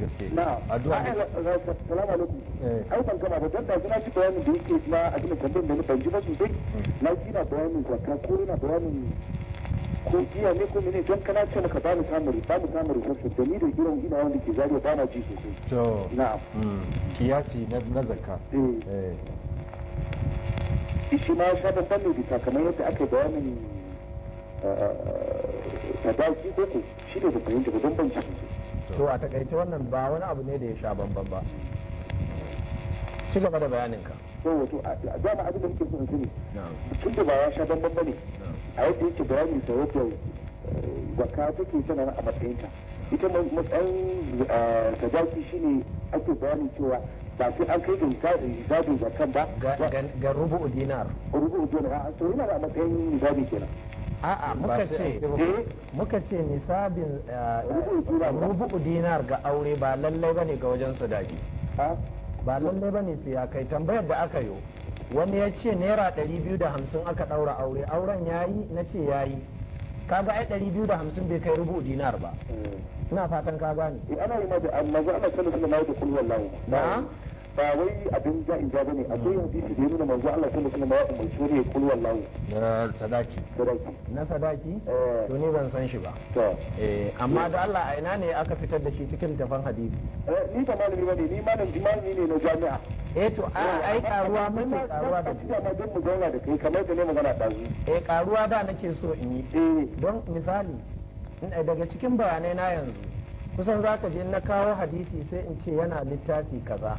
gaske na addu'a ne assalamu alaikum eh. ai ban gama ba dan da na a cikin da ni ban hmm. na ko na ko mene don kana ce maka ba mu samun ba mu da ni da gidan ina wanda ke zariya ba na ji sosai to hmm, kiyasi na na zakka eh, eh. shi ma sha da fanni bisa kamar yadda aka bayanin eh, sadaki ko ko shi ne da don ban ji sosai to a takaice wannan ba wani abu ne da ya sha bamban ba ci gaba da bayaninka. ka yau wato a dama abin da muke so ne. tun da ba ya sha bamban ba ne a yadda yake bayani da yadda eh, waka take tana a matsayinta ita matsayin sadaki eh, shine ake bayanin cewa ba sai an kai ga zabi kan ba ga rubu'u dinar rubu'u dinar a matsayin zabi kenan a'a muka ce eh, muka ce nisabin eh, rubu'u dinar ga aure ba lallai bane ga wajen su sadaki ba lallai bane su ya kai tambayar da aka yi wani ya ce naira ɗari biyu da hamsin aka ɗaura aure auren ya yi na ce ya yi kaga ai ɗari biyu da hamsin bai kai rubu'u dinar ba hmm. ina fatan ka gane ana yi maza ana kallon suna na da kulwar lawo ba wai abin ja in ja bane akwai hadisi da ya nuna manzo Allah sai alaihi wasallam ya umarci ne ya kullu na sadaki sadaki na sadaki eh. to ne ban san shi ba to eh, amma da Allah a ina ne aka fitar da shi cikin tafan hadisi eh, ni ta malami bane ni malami malami ne na jami'a eh to ai karuwa mun ne karuwa da shi amma don mu zauna da kai kamar da ne magana ɗazu eh karuwa da nake so in yi don misali daga cikin bayanai na yanzu kusan za ka je na kawo hadisi sai in ce yana littafi kaza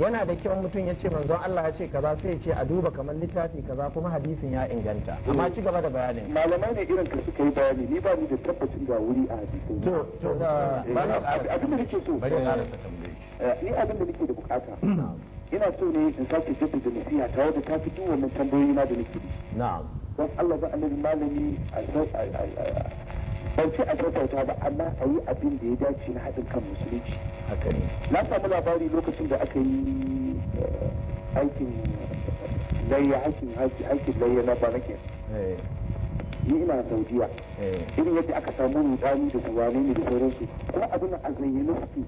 yana da kyau mutum ya ce manzon Allah ya ce kaza sai ya ce a duba kamar littafi kaza kuma hadisin ya inganta amma ci gaba da bayanin malamai ne irin ka suka yi bayani ni ba ni da tabbacin ga wuri a hadisin to to eh, eh, abin da nake so bari na rasa eh, tambayi. ni abin da nake da bukata ina so ne in sake jaddada da nasiha ta wadda ta fito wannan tambayoyi na da nake na'am don Allah ba annabi malami a ban ce a kyauta ba amma a yi abin da ya dace na haɗin kan musulunci haka ne na samu labari lokacin da aka yi eh, aikin layya aikin aikin layya na ke eh. ni ina saudiya eh. irin yadda aka samu rudani da kuwane ne da sauransu kuma abin a zayyana suke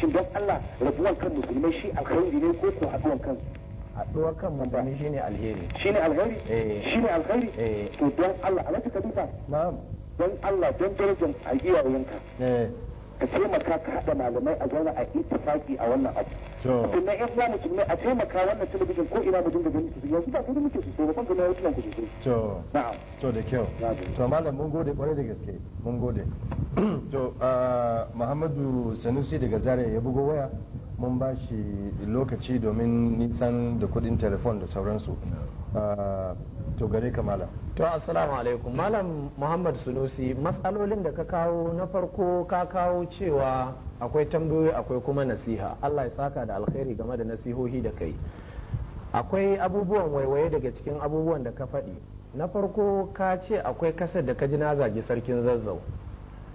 shin don Allah rabuwan kan musulmai shi alkhairi ne ko ko haɗuwan kansu haɗuwar kan shi ne alheri shi ne alheri shi ne alheri to don Allah a mata ka duba na'am don Allah don darajin a iyayenka eh. ka taimaka ka haɗa malamai a zauna a ittifaki a wannan abu na yan uwa musulmai a taimaka wannan talabijin ko ina mu dinga ganin su yanzu ba kuma muke su sai ba kan kuma yanzu ku su to na'am to da kyau to malam mun gode kwarai da gaske mun gode to Muhammadu Sanusi daga Zaria ya bugo waya mun ba shi lokaci domin nisan da kudin telefon da sauransu Ah, to gare ka malam to assalamu alaikum malam muhammad sunusi matsalolin da ka kawo na farko ka kawo cewa akwai tambayoyi akwai kuma nasiha allah ya saka da alkhairi game da nasihohi da kai akwai abubuwan waiwaye daga cikin abubuwan da ka faɗi na farko ka ce akwai kasar da ka ji na zagi sarkin zazzau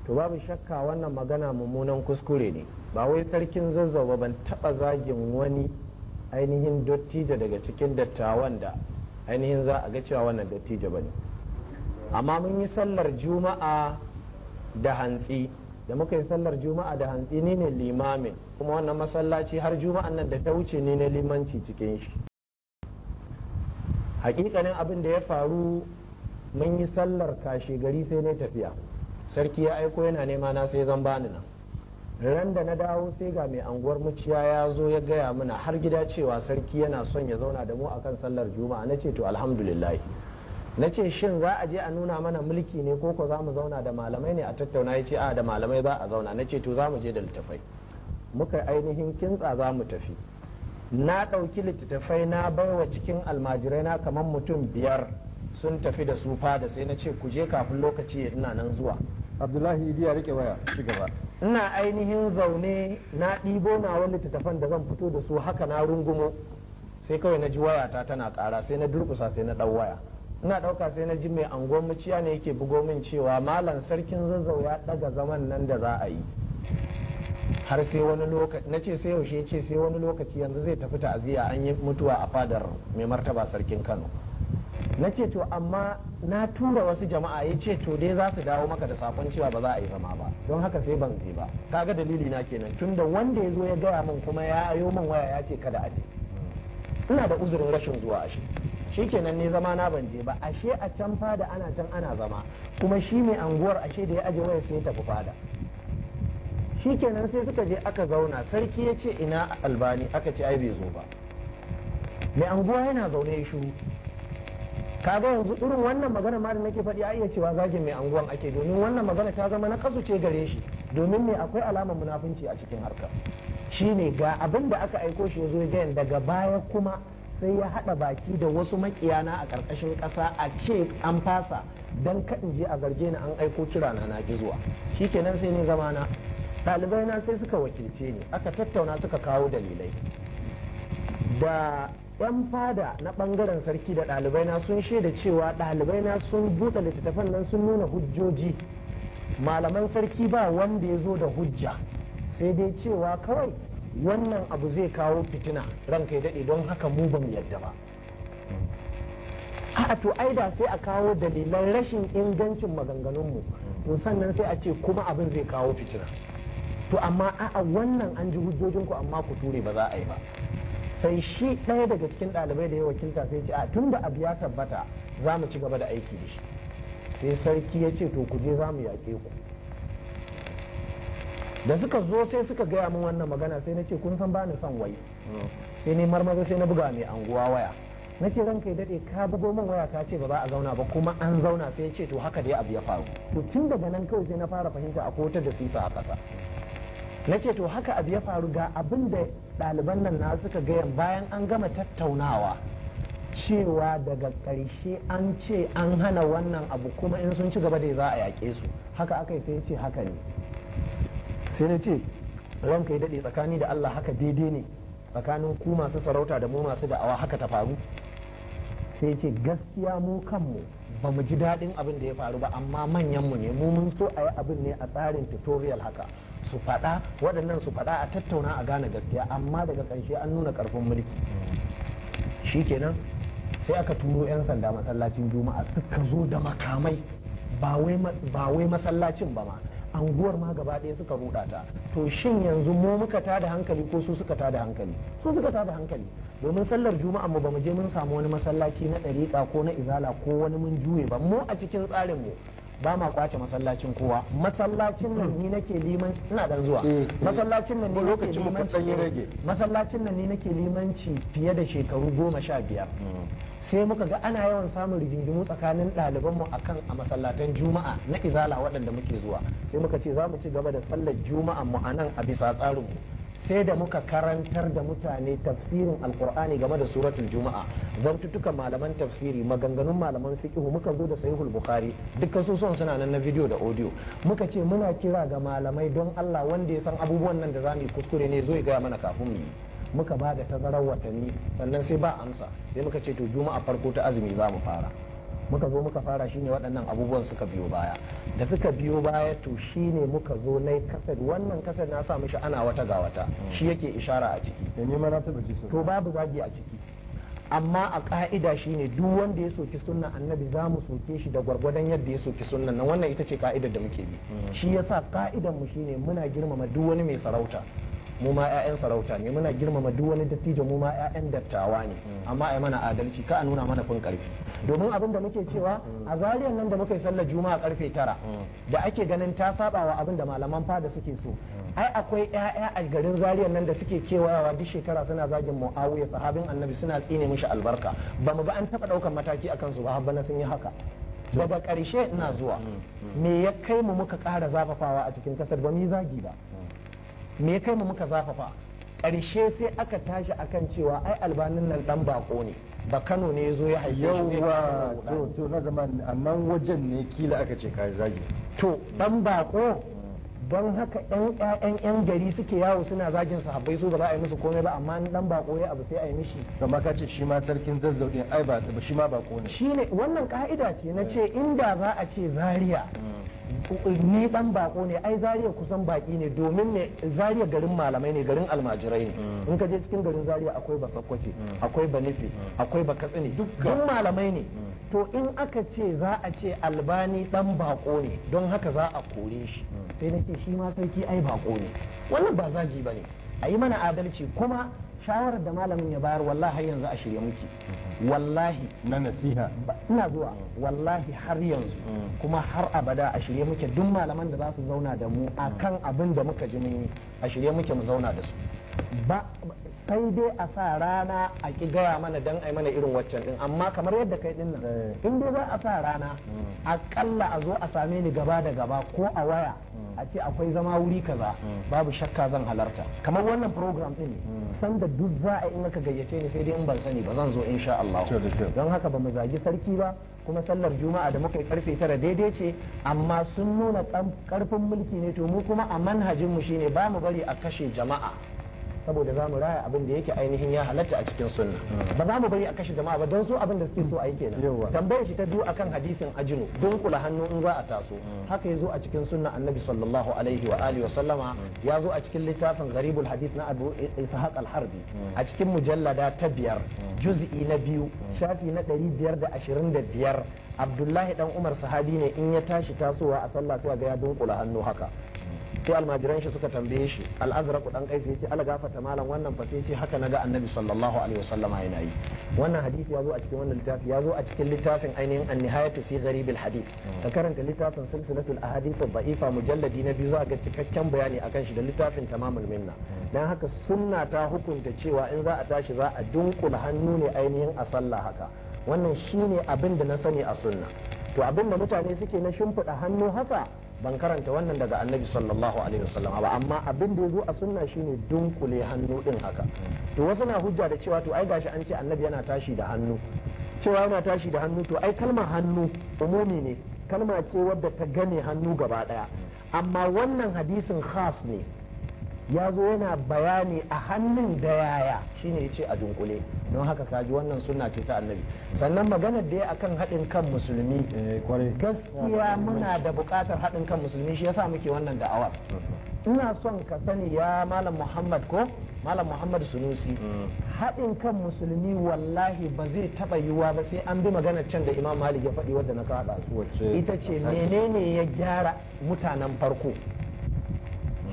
to babu shakka wannan magana mummunan kuskure ne ba wai sarkin zazzau ba ban taɓa zagin wani ainihin dottijo daga cikin dattawan da ainihin za a ga cewa wannan dattijo ba ne amma mun yi sallar juma'a da hantsi da muka yi sallar juma'a da hantsi ni ne limamin kuma wannan masallaci har juma'an nan da ta wuce ni ne limanci cikin shi hakikanin abin da ya faru mun yi sallar kashe gari sai ne tafiya sarki ya aiko yana nema na sai zan bani nan ran da na dawo sai ga mai anguwar muciya ya zo ya gaya mana har gida cewa sarki yana son ya zauna da mu akan sallar juma'a na ce to alhamdulillah na ce shin za a je a nuna mana mulki ne ko ko za mu zauna da malamai ne a tattauna ya ce a da malamai za a zauna na ce to za mu je da littafai muka ainihin kintsa za mu tafi na ɗauki littattafai na wa cikin almajirai na kamar mutum biyar sun tafi da su fada sai na ce ku je kafin lokaci ina nan zuwa abdullahi idiya rike waya ci gaba ina ainihin zaune na ɗibo na wani littattafan da zan fito da su haka na rungumo sai kawai na ji wayata tana kara sai na durƙusa sai na ɗau waya ina ɗauka sai na ji mai anguwan muciya ne yake bugo min cewa malam sarkin zazzau ya ɗaga zaman nan da za a yi har sai wani lokaci na ce sai yaushe ce sai wani lokaci yanzu zai tafi ta'aziyya an yi mutuwa a fadar mai martaba sarkin kano na ce to amma na tura wasu jama'a ya ce to dai za su dawo maka da sakon cewa ba za a yi zama ba don haka sai ban je ba kaga dalili na kenan tunda wanda ya zo ya gaya min kuma ya ayo min waya ya ce kada a je ina da uzurin rashin zuwa ashe shikenan ne zama na ban je ba ashe a can fada ana can ana zama kuma shi mai anguwar ashe da ya aje waya sai tafi fada shikenan sai suka je aka zauna sarki ya ce ina albani aka ce ai bai zo ba mai anguwa yana zaune ya shiru kaga yanzu irin wannan magana ma da nake faɗi a iya cewa zagin mai anguwan ake domin wannan magana ta zama na kasu ce gare shi domin me akwai alamar munafunci a cikin harkar shine ga abin da aka aiko shi zo ya daga baya kuma sai ya haɗa baki da wasu makiyana a ƙarƙashin ƙasa a ce an fasa don kaɗin je a garje na an aiko kira na na zuwa shikenan sai ne zama na ɗalibai na sai suka wakilce ni aka tattauna suka kawo dalilai da yan fada na ɓangaren sarki da ɗalibai na sun shaida cewa ɗalibai na sun buɗe littattafan nan sun nuna hujjoji malaman sarki ba wanda ya zo da hujja sai dai cewa kawai wannan abu zai kawo fitina ran kai daɗe don haka mu ban yadda ba a to ai da sai a kawo dalilan rashin ingancin maganganun mu to sannan sai a ce kuma abin zai kawo fitina to amma a'a wannan an ji hujjojinku amma ku ture ba za a yi ba sai shi ɗaya daga cikin ɗalibai da ya wakilta sai ce a tun da abu ya tabbata za mu ci gaba da aiki da shi sai sarki ya ce to ku je za mu yaƙe ku da suka zo sai suka gaya min wannan magana sai na ce kun san bani son wai sai ne marmaza sai na buga mai anguwa waya na ce ranka ya daɗe ka bugo min waya ka ce ba za a zauna ba kuma an zauna sai ya ce to haka dai abu ya faru to tun daga nan kawai sai na fara fahimta a kotar da sisa a ƙasa na ce to haka abu ya faru ga abin da ɗaliban nan na suka gaya bayan an gama tattaunawa cewa daga ƙarshe an ce an hana wannan abu kuma in sun ci gaba da za a yaƙe su haka aka yi sai ce haka ne sai na ce ranka ya daɗe tsakani da Allah haka daidai ne tsakanin ku masu sarauta da mu masu da'awa haka ta faru sai ce gaskiya mu kanmu ba mu ji daɗin abin da ya faru ba amma manyanmu ne mu mun so a yi abin ne a tsarin tutorial haka su faɗa waɗannan su faɗa a tattauna a gane gaskiya amma daga ƙarshe an nuna ƙarfin mulki shi kenan sai aka turo 'yan sanda masallacin juma'a suka zo da makamai ba wai masallacin ba ma anguwar ma gaba ɗaya suka ruɗa ta to shin yanzu mu muka da hankali ko su suka da hankali su suka da hankali domin sallar juma'a mu ba mu je mun samu wani masallaci na ɗariƙa ko na izala ko wani mun juye ba mu a cikin tsarin mu ba ma kwace masallacin kowa masallacin nan ni nake liman ina dan zuwa mm. masallacin nan ni nake limanci masallacin nan ni nake limanci fiye da shekaru goma sha biyar mm. sai muka ga ana yawan samun rigingimu tsakanin ɗalibanmu mu akan a masallatan juma'a na izala waɗanda muke zuwa sai muka ce za mu ci gaba da sallar juma'a mu a nan a bisa tsarin mu. sai da muka karantar da mutane tafsirin alkur'ani game da suratul juma'a zantutuka malaman tafsiri maganganun malaman fiqhu muka zo da sahihul bukhari dukkan su son suna nan na video da audio muka ce muna kira ga malamai don Allah wanda ya san abubuwan nan da za mu kuskure ne zo ya gaya mana kafin mu yi muka ba da tazarar watanni sannan sai ba amsa sai muka ce to juma'a farko ta azumi za mu fara muka zo muka fara shine waɗannan abubuwan suka biyo baya da suka biyo baya to shine muka zo na kasar wannan kasar na sa mishi ana wata ga wata shi yake ishara a ciki da neman na taba to babu zagi a ciki amma a ka'ida shine duk wanda ya soki sunnan annabi za mu soke shi da gwargwadon yadda ya soki sunnan nan wannan ita ce ka'idar da muke bi mm. shi yasa ka'idar mu shine muna girmama duk wani mai sarauta mu ma 'ya'yan sarauta ne muna girmama duk wani dattijo mu ma 'ya'yan dattawa ne amma ai mana adalci ka nuna mana fin karfi domin abin da muke cewa a zariyar nan da muka yi sallar juma'a karfe tara da ake ganin ta sabawa abin da malaman fada suke so ai akwai 'ya'ya a garin zariyar nan da suke kewayawa duk shekara suna zagin muawiya sahabin annabi suna tsine mishi albarka ba mu ga an taba daukan mataki akan su ba har bana sun yi haka daga karshe ina zuwa me ya kai mu muka kara zafafawa a cikin kasar ba mu yi zagi ba me ya kai mu muka zafafa ƙarshe sai aka tashi akan cewa ai albanin nan dan bako ne ba kano ne zo ya haife shi to to na zaman a nan wajen ne kila aka ce kai zagi to dan bako don haka ɗan ƴaƴan ƴan gari suke yawo suna zagin sahabbai su ba za a yi musu komai ba amma dan ba ya abu sai a yi mishi kamar ka ce shi ma sarkin zazzau din ai ba shi ma bako ne wannan ka'ida ce na ce inda za a ce zaria ni dan bako ne ai zariya kusan baki ne domin ne zariya garin malamai ne garin almajirai ne mm. in ka je cikin garin zariya akwai ba sakkwace mm. akwai ba nufi mm. akwai ba katsini dukkan malamai ne to in aka ce za a ce albani dan bako ne don haka za a kore shi sai na ce shi ma sarki ai bako ne wannan ba zagi ba ne a yi mana adalci kuma shawarar da malamin ya bayar wallahi har yanzu a shirye muke wallahi na nasiha ina zuwa wallahi har yanzu kuma har abada a shirye muke duk malaman da za su zauna da mu akan abin da muka ji muni a shirye muke mu zauna da su ba sai dai a sa rana a ki gaya mana dan ai mana irin waccan din amma kamar yadda kai din nan eh. in dai za a sa rana mm. akalla a zo a same ni gaba da gaba ko a waya a ce akwai zama wuri kaza babu shakka zan halarta kamar wannan program din sanda duk za a in aka gayyace ni sai dai in ban sani ba zan zo insha Allah don haka ba mu zagi sarki ba kuma sallar juma'a da muka yi karfe tara daidai ce amma sun nuna karfin mulki ne to mu kuma a manhajin mu shine ba mu bari a kashe jama'a saboda za mu raya abin da yake ainihin ya halatta a cikin sunna ba za mu bari a kashe jama'a ba don su abin da suke so a yi kenan tambayar shi ta biyu akan hadisin ajinu dunkula hannu in za a taso haka ya zo a cikin sunna annabi sallallahu alaihi wa alihi wa sallama ya zo a cikin littafin gharibul hadith na abu ishaq al-harbi a cikin mujallada ta biyar juz'i na biyu shafi na ɗari biyar da da ashirin biyar abdullahi dan umar sahabi ne in ya tashi tasowa a sallah sai ga ya dunkula hannu haka sai almajiran shi suka tambaye shi al'azraku dan kai sai ce ala malam wannan fa sai ce haka naga annabi sallallahu alaihi yana yi wannan hadisi ya zo a cikin wannan littafi ya zo a cikin littafin ainihin an-nihayatu fi gharibil hadith ka karanta littafin silsilatul ahadith ad-da'ifa mujalladi na biyu za ga cikakken bayani akan shi da littafin tamamul minna dan haka sunna ta hukunta cewa in za a tashi za a dunkula hannu ne ainihin a sallah haka wannan shine abin da na sani a sunna to abin da mutane suke na shimfiɗa hannu haka ban karanta wannan daga annabi sallallahu alaihi wasallam ba amma abin da ya zo a sunna shine dunkule hannu din haka to wasu na hujja da cewa to ai gashi an ce annabi yana tashi da hannu cewa yana tashi da hannu to ai kalma hannu umumi ne kalma ce wadda ta gane hannu gaba daya amma wannan hadisin khas ne ya zo yana bayani a hannun da yaya shine ya ce a dunkule don haka kaji wannan suna ce ta annabi sannan magana da ya akan haɗin kan musulmi eh, gaskiya muna da buƙatar haɗin kan musulmi shi yasa muke wannan da'awar ina son ka sani ya malam muhammad ko malam muhammad sunusi mm. haɗin kan musulmi wallahi ba zai taɓa yiwuwa ba sai an bi magana can da imam malik ya faɗi wadda na kaɗa ita ce menene ya gyara mutanen farko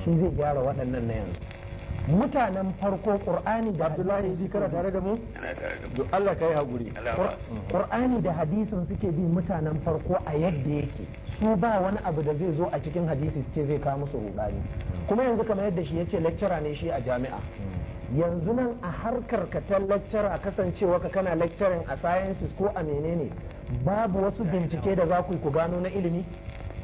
shi zai gyara waɗannan na yanzu mutanen farko ƙur'ani da abdullahi shi kana tare da mu to Allah yi haƙuri ƙur'ani mhm. da hadisin suke bi mutanen farko a yadda yake su ba wani abu da zai zo a cikin hadisi suke zai kawo musu rudani mhm. kuma yanzu kamar yadda shi yace lecturer ne shi a jami'a mhm. yanzu nan a harkar ka ta lecturer kasancewa ka kana lecturing a sciences ko a menene babu wasu bincike da za ku gano na ilimi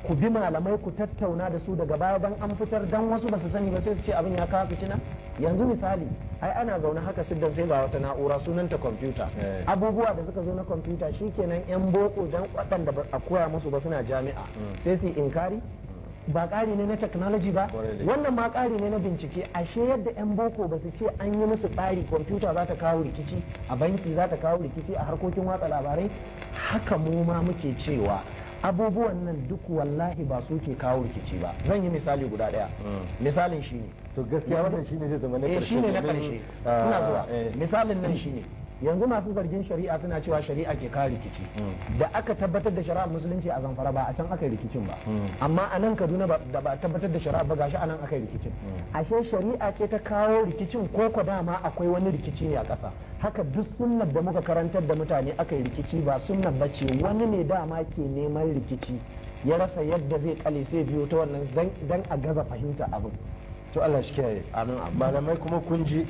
ku bi malamai ku tattauna da su daga baya ban an fitar dan wasu ba su sani ba sai su ce abin ya kawo fitina yanzu misali ai ana zaune haka siddan sai ba wata na'ura sunanta kwamfuta eh. abubuwa da suka zo na kwamfuta shikenan yan boko dan waɗanda ba a koya musu ba suna jami'a mm. sai su inkari ba ƙari ne na technology ba wannan ma ƙari ne na bincike ashe yadda 'yan boko ba su ce an yi musu tsari kwamfuta za ta kawo rikici a banki za ta kawo rikici a harkokin watsa labarai haka mu ma muke cewa abubuwan nan duk wallahi ba su ke kawo rikici ba zan yi misali guda daya hmm. misalin ne to gaskiya wannan ne zai zama na karshe eh, ne na karshe ah, ina zuwa eh. misalin nan shi ne. yanzu masu zargin shari'a suna cewa shari'a ke kawo rikici hmm. da aka tabbatar da shari'ar musulunci a zamfara ba a can aka yi rikicin ba hmm. amma a nan kaduna da ba tabbatar da shari'a ba gashi a nan aka yi rikicin hmm. ashe shari'a ce ta kawo rikicin ko ko dama akwai wani rikici ne a kasa haka duk sunnar da muka karantar da mutane aka yi rikici ba sunnar ba ce wani ne dama ke neman rikici ya rasa yadda zai kale sai biyo ta wannan dan a gaza fahimta abin to Allah shi kiyaye amin malamai kuma kun ji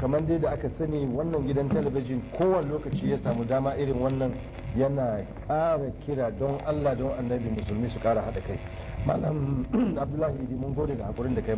kamar dai da aka sani wannan gidan talabijin kowane lokaci ya samu dama irin wannan yana ƙara kira don allah don annabi musulmi su ƙara haɗa kai malam abdullahi mun gode da haƙurin da kai